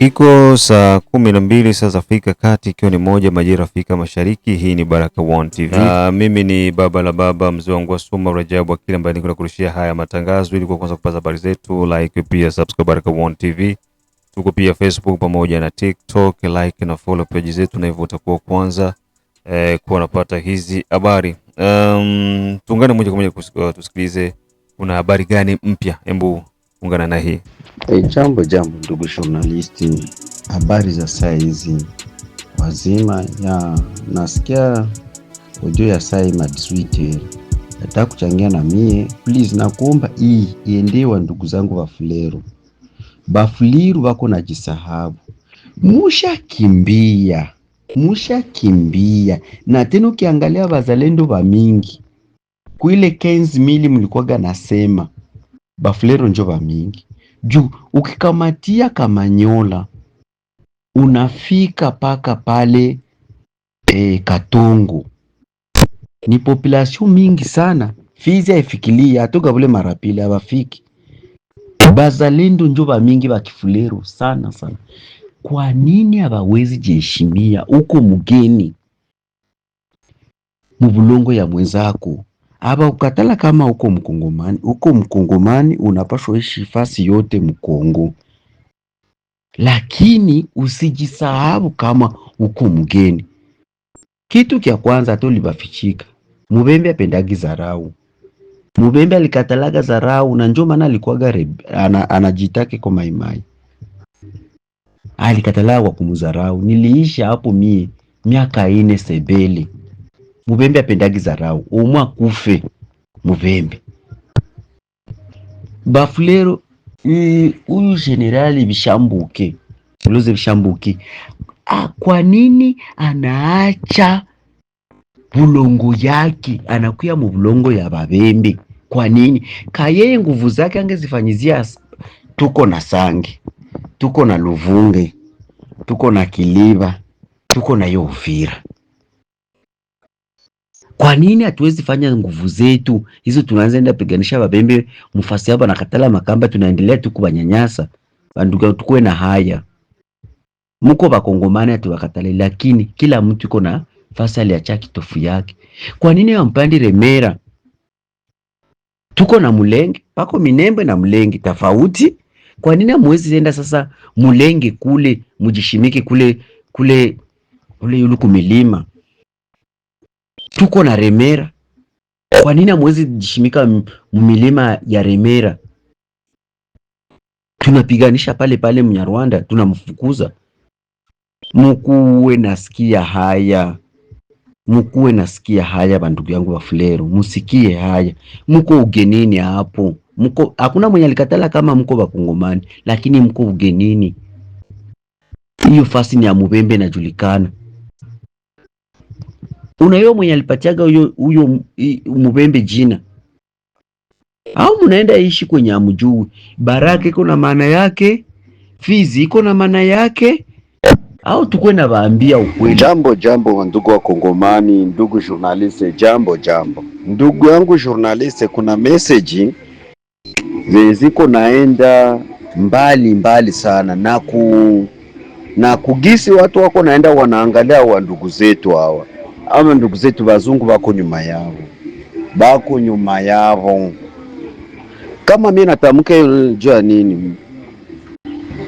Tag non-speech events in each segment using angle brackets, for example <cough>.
Iko saa kumi na mbili saa za Afrika Kati, ikiwa ni moja majira Afrika Mashariki. Hii ni Baraka One TV na ah, mimi ni baba la baba mzee wangu wa Rajabu Akili, ambaye niko kurushia haya matangazo. Ili kuanza kupata habari zetu, like pia subscribe Baraka One TV. Tuko pia Facebook pamoja na TikTok, like na follow page zetu, na hivyo utakuwa kwanza eh, kuwa unapata hizi habari. Um, tuungane moja kwa moja uh, tusikilize kuna habari gani mpya, hebu ungana na hii hey. Eh, jambo jambo, ndugu journalisti, habari za saa hizi wazima ya nasikia ujuu ya sai madiswite nataka kuchangia na mie please, nakuomba hii iendewa ndugu zangu bafuleru, bafuliru wako na jisahabu, mushakimbia mushakimbia. Na tena ukiangalia wazalendo wa mingi kuile 15 mili mlikuwaga nasema bafulero njo mingi juu ukikamatia Kamanyola unafika paka pale e, Katongo ni population mingi sana. Fizi haifikilia atoka vule marapili abafiki bazalendo njo ba kifulero sana sana. Kwa nini abawezi jiheshimia? Uko mugeni mubulongo ya mwenzako Aba ukatala kama uko mkongomani, uko mkongomani unapaswa ishi fasi yote mkongo, lakini usijisahabu kama uko mgeni. Kitu kya kwanza libafichika mubembe apendagi zarau, mubembe alikatalaga zarau, na njo maana alikuwaga ana, anajitake kwa maimai, alikatalaga kwa kumuzarau. Niliisha hapo mie miaka ine sebeli muvembe apendagi zarau omwe akufe muvembe bafulero lero eh, huyu uh, generali Bishambuke Buluze Bishambuke ah, kwa nini anaacha bulongo yake anakuya mubulongo ya babembe? Kwa nini kayeye nguvu zake angezifanyizia? Tuko na Sange, tuko na Luvunge, tuko na Kiliba, tuko na Yovira. Kwa nini hatuwezi fanya nguvu zetu hizo? Tunaanza enda piganisha babembe mfasi hapa na katala makamba, tunaendelea tu kubanyanyasa banduka. Tukue na haya, mko bakongomani wakatale, lakini kila mtu iko na fasi aliacha kitofu yake. Kwa nini wampandi Remera tuko na Mulenge pako Minembe na Mulenge tofauti? Kwa nini amwezi enda sasa Mulenge kule mujishimike kule kule kule yulu kumilima tuko na Remera. Kwa nini hamwezi jishimika mumilima ya Remera? Tunapiganisha pale pale Mnyarwanda, tunamfukuza. Mukuwe nasikia haya, mukuwe nasikia haya, bandugu yangu wa Fuleru, musikie haya. Muko ugenini hapo, mko hakuna mwenye alikatala kama mko bakongomani, lakini mko ugenini. Hiyo fasi ni ya Mubembe inajulikana unaiyo mwenye alipatiaga huyo huyo mubembe jina au mnaenda ishi kwenye amjui. Baraka iko na maana yake, Fizi iko na maana yake, au tukwe na waambia ukweli. Jambo jambo, ndugu wa Kongomani, ndugu journaliste, jambo jambo, ndugu yangu journaliste, kuna message ziko naenda mbali mbali sana na ku na kugisi watu wako naenda wanaangalia wa ndugu zetu hawa ama ndugu zetu wazungu wako nyuma yao, bako nyuma yao. Kama mimi natamka hiyo, jua nini,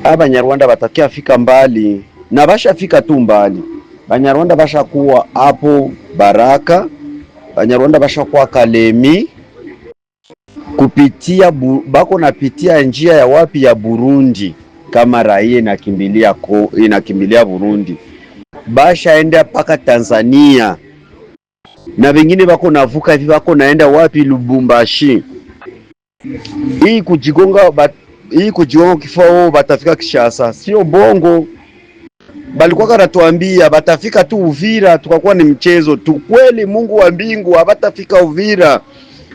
abanyarwanda batakia fika mbali na bashafika tu mbali. Banyarwanda bashakuwa hapo Baraka, Banyarwanda bashakuwa Kalemi kupitia bako napitia njia ya wapi ya Burundi, kama raia inakimbilia ko inakimbilia Burundi bashaenda mpaka Tanzania na vengine vako navuka hivi vako naenda wapi? Lubumbashi. Hii kujigonga bat, hii kujigonga kifao oh, batafika Kishasa, sio bongo. Balikuwa kanatuambia batafika tu Uvira, tukakuwa ni mchezo tu. Kweli Mungu wa mbingu, abatafika Uvira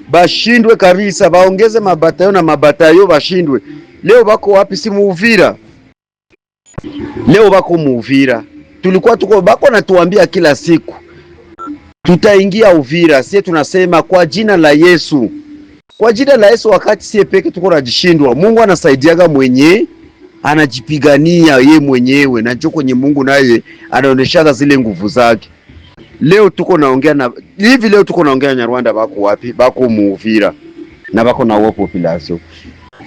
bashindwe kabisa, baongeze mabatayo na mabatayo bashindwe. Leo bako wapi? Si muuvira leo bako muuvira tulikuwa tuko bako natuambia kila siku tutaingia Uvira. Sie tunasema kwa jina la Yesu, kwa jina la Yesu. Wakati sie peke tuko najishindwa, Mungu anasaidiaga mwenye anajipigania ye mwenyewe, na njoo kwenye Mungu naye anaoneshaga zile nguvu zake. Leo tuko naongea na hivi, leo tuko naongea na Rwanda, bako wapi? Bako Muvira na bako na population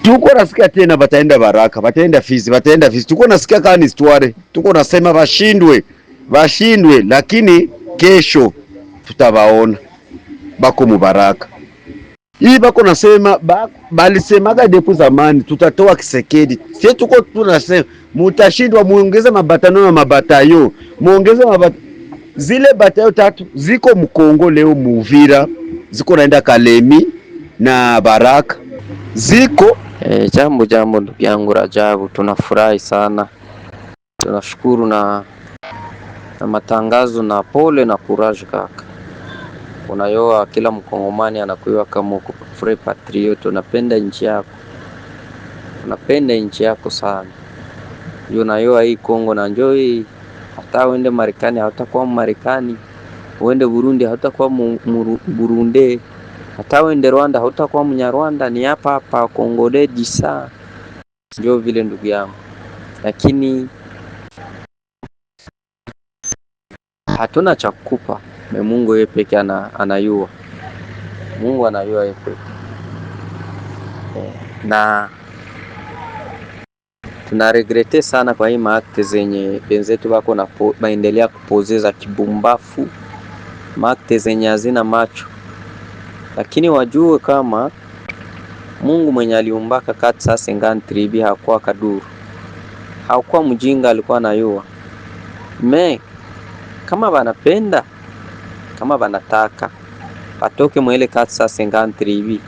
tuko nasikia tena bataenda Baraka, bataenda Fizi, bataenda Fizi. Tuko nasikia kama ni stware, tuko nasema bashindwe, bashindwe, lakini kesho tutabaona bako mubaraka hii bako nasema bako, balisemaga depo zamani tutatoa Kisekedi. Sisi tuko tunasema mutashindwa, muongeze mabatano na mabatayo, muongeze mabata zile batayo tatu ziko mkongo leo muvira ziko naenda Kalemi na Baraka ziko E, jambo jambo, ndugu yangu Rajabu, tunafurahi sana, tunashukuru na, na matangazo na pole na courage kaka. Unayoa kila mkongomani anakuiwa kama uko free patriot, unapenda nchi yako, unapenda nchi yako sana, ndio unayoa hii Kongo na njoo hii hata uende Marekani hautakuwa Marekani, uende Burundi hautakuwa Burundi hata wende Rwanda hautakuwa Mnyarwanda, ni hapa hapa deji saa ndio vile ndugu yangu, lakini hatuna cha kukupa. Mungu yeye peke ana, anayua Mungu anayua yeye peke eh, na tunaregrete sana kwa hii maakte zenye benzetu wako na kupozeza kibumbafu, maakte zenye hazina macho lakini wajue kama Mungu mwenye aliumbaka kati sasa ngani tribi hakuwa kaduru, hakuwa mjinga, alikuwa nayua me kama banapenda kama banataka batoke mwele kati sasa ngani tribi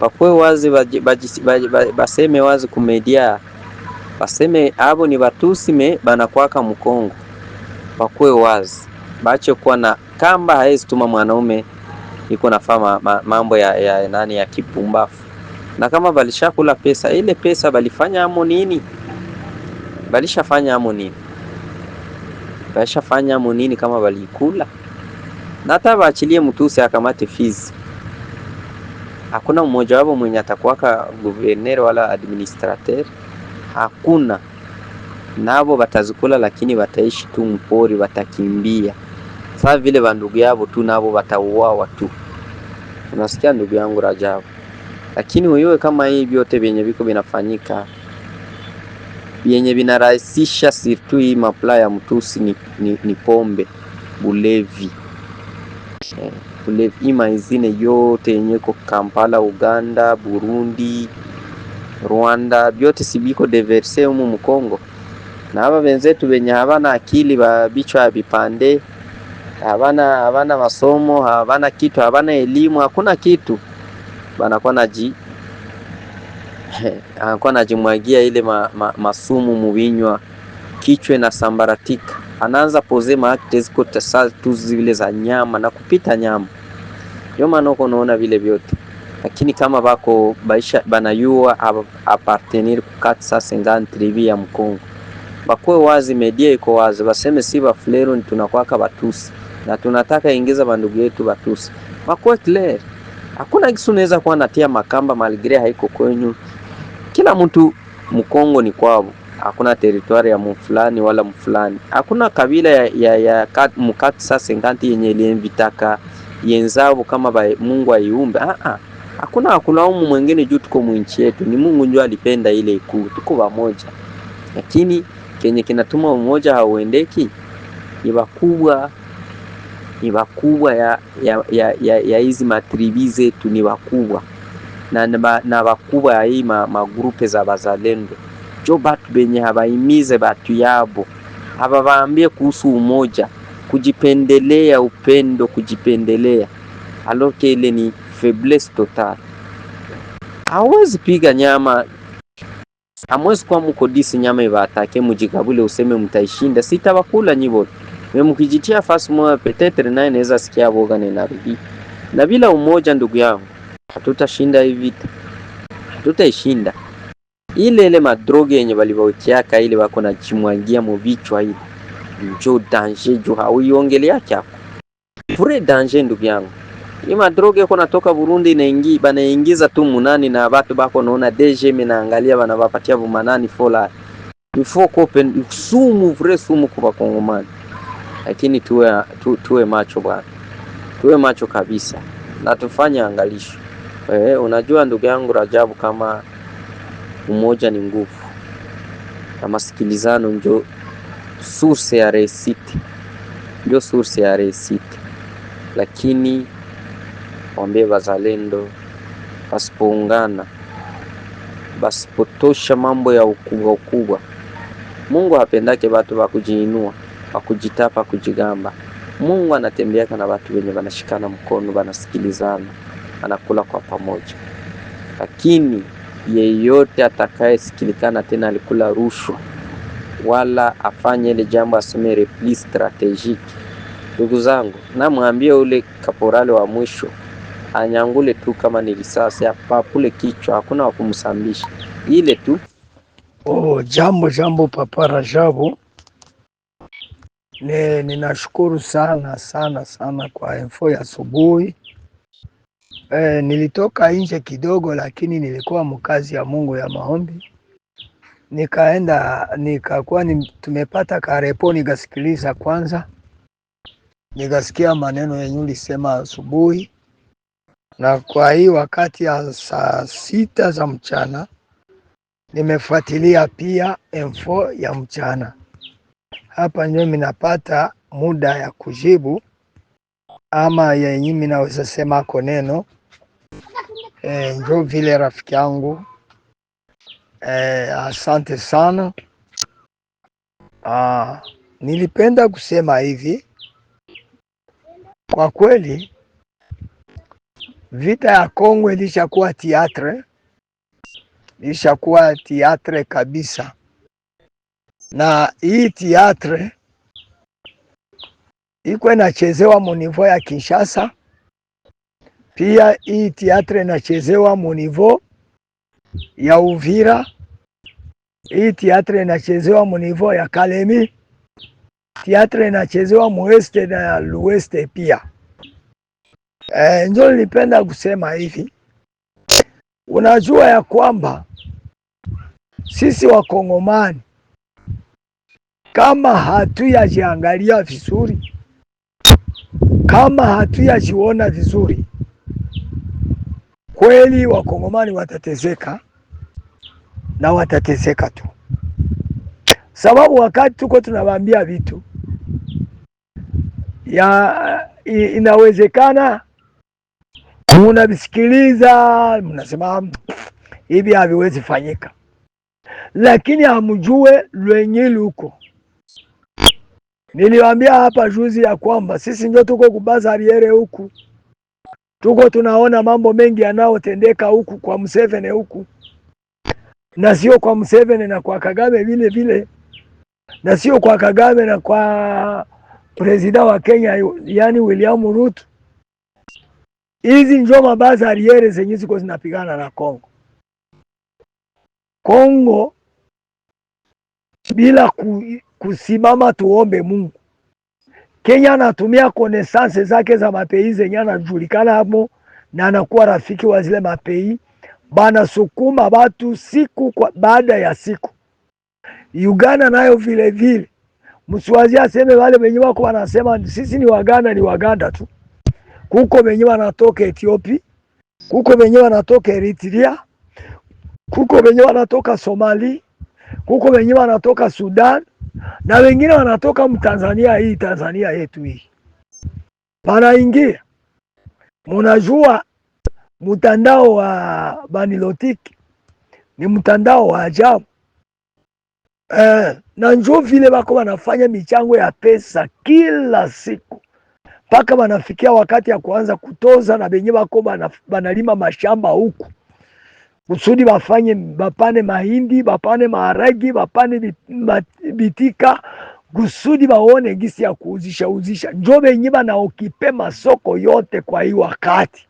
bakwe wazi baji, baji, baji, baseme wazi kumedia baseme abo ni batusi me banakwaka Mkongo, bakuwe wazi bache kuwa na kamba haezi tuma mwanaume iko nafaa ma, ma, mambo ya, ya nani ya kipumbafu. Na kama balishakula pesa ile pesa balifanya amo nini? Balishafanya amo nini? Balishafanya amo nini kama balikula? Na hata baachilie mtusi akamate fizi, hakuna mmoja wapo mwenye atakuwaka guverner wala administrateur, hakuna nabo batazikula, lakini bataishi tu mpori, watakimbia sasa vile vandugu yavo tu nao watauawa tu. Unasikia ndugu yangu Rajabu, lakini wewe kama hii vyote vyenye viko vinafanyika vyenye vinarahisisha sirtu hii mapla ya mtusi ni, ni, ni pombe bulevi bulevi eh, ima izine yote yenye ko Kampala, Uganda, Burundi, Rwanda vyote sibiko deverse humu Mkongo, na hava venzetu venye havana akili ya vipande havana havana masomo, havana kitu, havana elimu, hakuna kitu, banakuwa naji <laughs> anakuwa najimwagia ile ma, ma, masumu mubinywa, kichwa sambaratika, anaanza pozema akte ziko tasal tu zile za nyama na kupita nyama. Ndio maana uko unaona vile vyote, lakini kama bako baisha banayua apartenir kukatsa sengani tribi ya Mkongo, bakuwe wazi, media iko wazi, baseme si Bafulero tunakwaka Batusi na tunataka ingiza bandugu yetu Batusi wakuwe clear. Hakuna kitu unaweza kuwa natia makamba maligre haiko kwenyu. Kila mtu mkongo ni kwao, hakuna teritwari ya mfulani wala mfulani, hakuna kabila ya, ya, ya kat, mkati sasa nganti yenye lienvitaka yenzao kama ba, Mungu aiumbe ah ah hakuna akulaumu mwingine juu tuko mwinchi yetu, ni Mungu ndio alipenda ile ikuu, tuko pamoja. Lakini kenye kinatuma umoja hauendeki ni wakubwa ni wakubwa ya ya ya ya, ya, hizi matribi zetu ni wakubwa na, na, na wakubwa ya hii magrupe za bazalendo jo batu benye habaimize batu yabo hababambie kuhusu umoja kujipendelea upendo kujipendelea aloke ile ni faiblesse total. Hawezi piga nyama, amwezi kwa mukodisi nyama ibatake mujikabule useme mtaishinda, sitabakula nyibote me mkijitia fasi moja, petetre naye naweza sikia boga ninarudi. Na bila umoja, ndugu yangu, hatutashinda hii vita, hatutaishinda ile ile madroge yenye balibawetiaka ile wako na chimwangia muvichwa ile njo danje jo hauiongelea chako pure danje, ndugu yangu. Ni madroge yako natoka Burundi inaingi banaingiza tu munani na watu bako naona deje minaangalia bana wapatia bumanani fola. Ifoko open sumu vre sumu kwa Kongomani lakini tuwe, tu, tuwe macho bwana, tuwe macho kabisa na tufanye angalisho. Eh, unajua ndugu yangu Rajabu, kama umoja ni nguvu na masikilizano njo source ya resiti, ndio source ya resiti. Lakini wambie wazalendo wasipoungana, basipotosha mambo ya ukubwa ukubwa, Mungu hapendake watu wa kujiinua pa kujitapa kujigamba. Mungu anatembeaka na watu wenye wanashikana mkono, wanasikilizana, anakula kwa pamoja. Lakini yeyote atakayesikilikana tena alikula rushwa wala afanye ile jambo asome repli strategiki, ndugu zangu, namwambie ule kaporale wa mwisho anyangule tu kama ni risasi apapule kichwa, hakuna wakumsambisha ile tu. Oh, jambo jambo, Papa Rajabu Ne, ninashukuru sana sana sana kwa info ya asubuhi. E, nilitoka nje kidogo, lakini nilikuwa mkazi ya Mungu ya maombi, nikaenda nikakuwa ni, tumepata karepo, nikasikiliza kwanza, nikasikia maneno yenyu ulisema asubuhi, na kwa hii wakati ya saa sita za mchana nimefuatilia pia info ya mchana hapa ndio minapata muda ya kujibu ama yenye minaweza sema ko neno e, njo vile rafiki yangu e, asante sana. Aa, nilipenda kusema hivi kwa kweli, vita ya Kongo ilishakuwa teatre, ilishakuwa teatre kabisa na hii teatre iko inachezewa munivo ya Kinshasa, pia hii teatre inachezewa munivo ya Uvira, hii teatre inachezewa munivo ya Kalemi, teatre inachezewa mueste na lueste pia. E, njo nilipenda kusema hivi, unajua ya kwamba sisi Wakongomani kama hatuyajiangalia vizuri, kama hatuyajiona vizuri, kweli wakongomani watatezeka na watateseka tu, sababu wakati tuko tunawaambia vitu ya inawezekana munavisikiliza, mnasema hivi haviwezi fanyika, lakini hamjue lwenye luko Niliwaambia hapa juzi ya kwamba sisi ndio tuko kubazariere huku, tuko tunaona mambo mengi yanayotendeka huku kwa Museveni huku, na sio kwa Museveni na kwa Kagame vile vile, na sio kwa Kagame na kwa presida wa Kenya yani William Ruto. Hizi njo mabazariere zenye ziko zinapigana na Kongo. Kongo bila ku kusimama tuombe Mungu. Kenya anatumia konesanse zake za mapei zenye anajulikana hapo na anakuwa rafiki wa zile mapei bana sukuma batu siku kwa baada ya siku. Uganda nayo vile vile, msiwazi aseme wale wenye wako wanasema sisi ni Waganda, ni Waganda tu. Kuko wenye wanatoka Ethiopia, kuko wenye wanatoka Eritrea, kuko wenye wanatoka Somali, kuko wenye wanatoka Sudan na wengine wanatoka mtanzania hii Tanzania yetu hii wanaingia. Munajua mtandao wa banilotiki ni mtandao wa ajabu eh, na njo vile bako wanafanya michango ya pesa kila siku mpaka wanafikia wakati ya kuanza kutoza na benye bako banalima mashamba huku kusudi bafanye bapane mahindi bapane maharagi bapane bitika kusudi baone gisi ya kuuzisha uzisha, njo benye banaokipe masoko yote kwa hii wakati,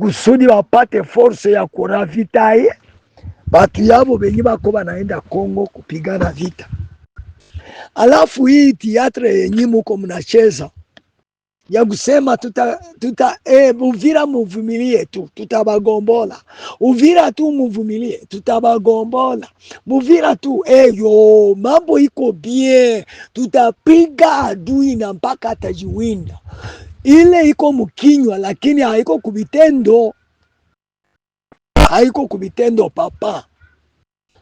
kusudi bapate force ya kuravitaye batu yabo benye bako banaenda Kongo kupigana vita. Alafu hii tiatre yenye muko mnacheza ya kusema tuta, tuta eh, Uvira muvumilie tu, tutabagombola Uvira tu muvumilie, tutabagombola Muvira tu eyo, eh, mambo iko bien, tutapiga adui na mpaka atajiwinda. Ile iko mukinywa, lakini haiko kubitendo, haiko kubitendo. Papa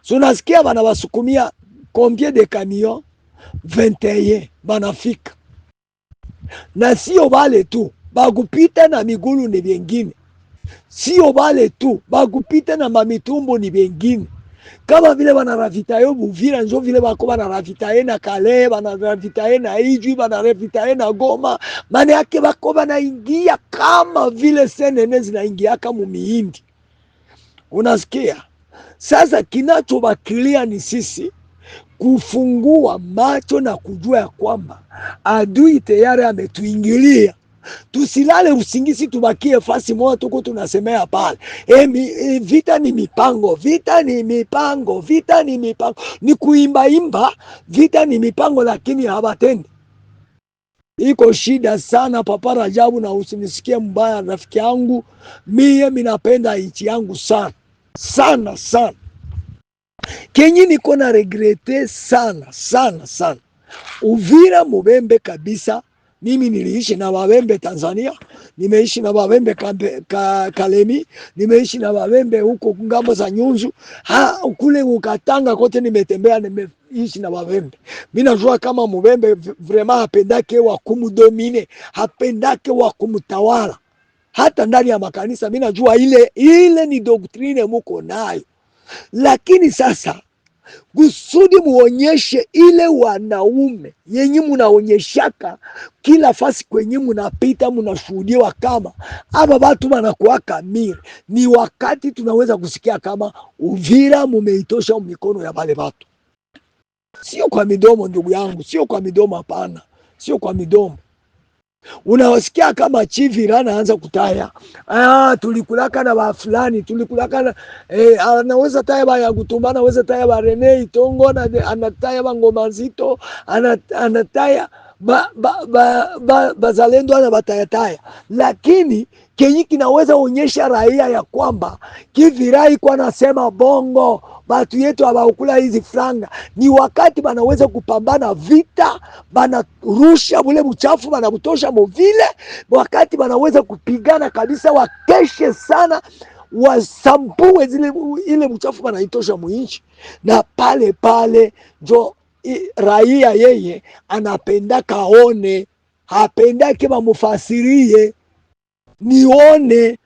sunasikia bana basukumia kombie de camion 21 banafika na sio wale tu bakupita na migulu ni vyengine, sio wale tu bakupita na mamitumbo ni vyengine kama vile banaravitaye Buvira njo vile bako banaravitaye na Kale, banaravitaye na Ijwi, banaravitaye na Goma. Maana yake bako banaingia kama vile senene zinaingiaka mumiindi, unasikia? Sasa kinachobakilia ni sisi kufungua macho na kujua ya kwamba adui tayari ametuingilia. Tusilale usingisi, tubakie fasi moja, tuko tunasemea pale e, mi, e, vita ni mipango, vita ni mipango, vita ni mipango, ni kuimbaimba, vita ni mipango, lakini hawatendi. Iko shida sana Papa Rajabu, na usinisikie mbaya rafiki yangu, mie minapenda nchi yangu sana sana sana, kenyi niko na regrete sana sana sana Uvira Mubembe kabisa. Mimi niliishi na wawembe Tanzania, nimeishi na kambe, ka, Kalemi, nimeishi na Wawembe huko ngambo za Nyunzu, ha kule Ukatanga kote nimetembea, nimeishi na Wawembe. Mimi najua kama Mubembe vraiment hapendake wa kumdomine, hapendake wa kumtawala. Hata ndani ya makanisa mimi najua ile ile ni doktrine muko nayo, lakini sasa kusudi muonyeshe ile wanaume yenye munaonyeshaka kila fasi kwenye munapita, munashuhudiwa kama aba batu banakuwa kamili. Ni wakati tunaweza kusikia kama Uvira mumeitosha mikono ya bale batu, sio kwa midomo. Ndugu yangu, sio kwa midomo, hapana, sio kwa midomo. Unawasikia kama chivira anaanza kutaya, ah, tulikulaka na bafulani tulikulaka na eh, anaweza taya ba ya kutumba, anaweza taya ba Rene Itongo, anataya ba ngoma nzito, anataya ba ba ba, ba, ba, bazalendo ana batayataya lakini kenyi kinaweza onyesha raia ya kwamba kivirai kwa nasema bongo batu yetu abaukula hizi franga, ni wakati banaweza kupambana vita, banarusha bule buchafu banabutosha movile, wakati banaweza kupigana kabisa, wakeshe sana wasambue zile ile mchafu banaitosha mwinchi, na pale pale njo raia yeye anapendaka aone, hapendake bamufasirie nione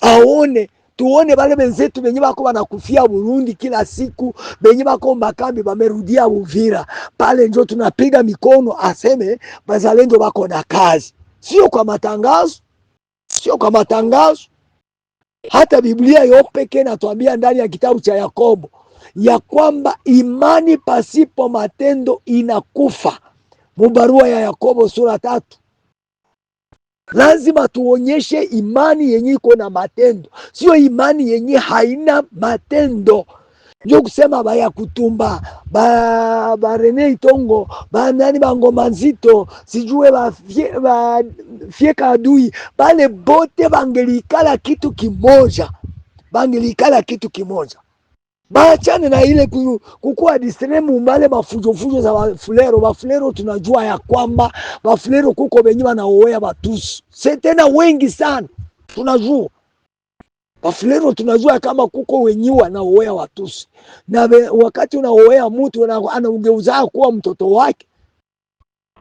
aone tuone bale benzetu benye bako banakufia Burundi kila siku, benye bako makambi bamerudia Uvira, pale njo tunapiga mikono, aseme bazalendo bako na kazi, sio kwa matangazo, sio kwa matangazo. Hata Biblia yopeke natuambia ndani ya kitabu cha Yakobo ya kwamba imani pasipo matendo inakufa, mubarua ya Yakobo sura tatu Lazima tuonyeshe imani yenye iko na matendo, sio imani yenye haina matendo. Njo kusema baya kutumba ba barene itongo banani bangoma nzito sijue bafyeka ba, fie adui bale bote bangelikala kitu kimoja, bangelikala kitu kimoja. Baachane na ile kukua distre mumbale mafujofujo za bafulero. Bafulero tunajua ya kwamba bafulero kuko benye banaoea batusi se tena wengi sana, tunajua bafulero, tunajua kama kuko wenye wanaoea watusi na be, wakati unaoea mtu anaugeuza kuwa mtoto wake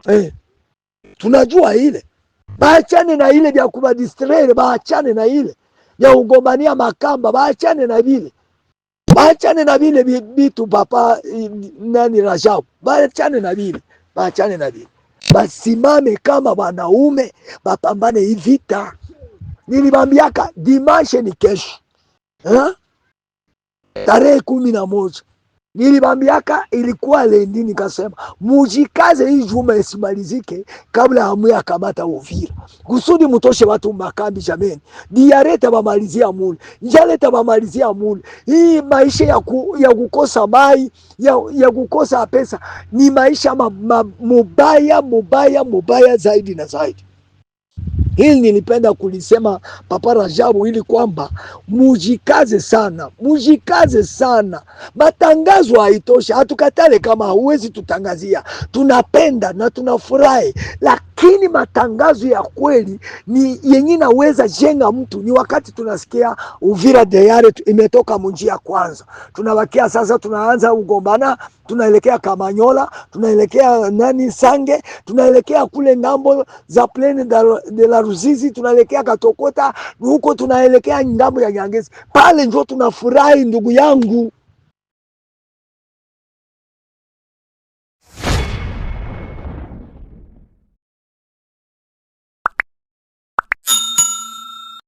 eh, tunajua ile. Baachane na ile vya kubadistrere, baachane na ile vya ugombania makamba, baachane na vile bachane na vile vitu papa nani rajab bachane na vile, bachane na vile, basimame kama wanaume, bapambane hii vita. Nilibambiaka dimashe ni kesho, tarehe kumi na moja. Nilibambiaka ilikuwa lendi, nikasema mujikaze, hii juma isimalizike kabla hamuya kamata Uvira kusudi mutoshe watu makambi. Jameni, diare tabamalizia muli, njale tabamalizia muli. Hii maisha ya, ku, ya kukosa mai ya, ya kukosa pesa ni maisha mubaya mubaya mubaya zaidi na zaidi. Hili nilipenda kulisema Papa Rajabu, ili kwamba mujikaze sana, mujikaze sana. Matangazo haitoshi, hatukatale kama huwezi tutangazia, tunapenda na tunafurahi, lakini matangazo ya kweli ni yenye naweza jenga mtu. Ni wakati tunasikia Uvira deyare imetoka munji ya kwanza, tunabakia sasa, tunaanza ugombana, tunaelekea Kamanyola, tunaelekea nani Sange, tunaelekea kule ngambo za plene de la Ruzizi, tunaelekea Katokota, huko tunaelekea ngambo ya Nyangezi, pale ndio tunafurahi ndugu yangu.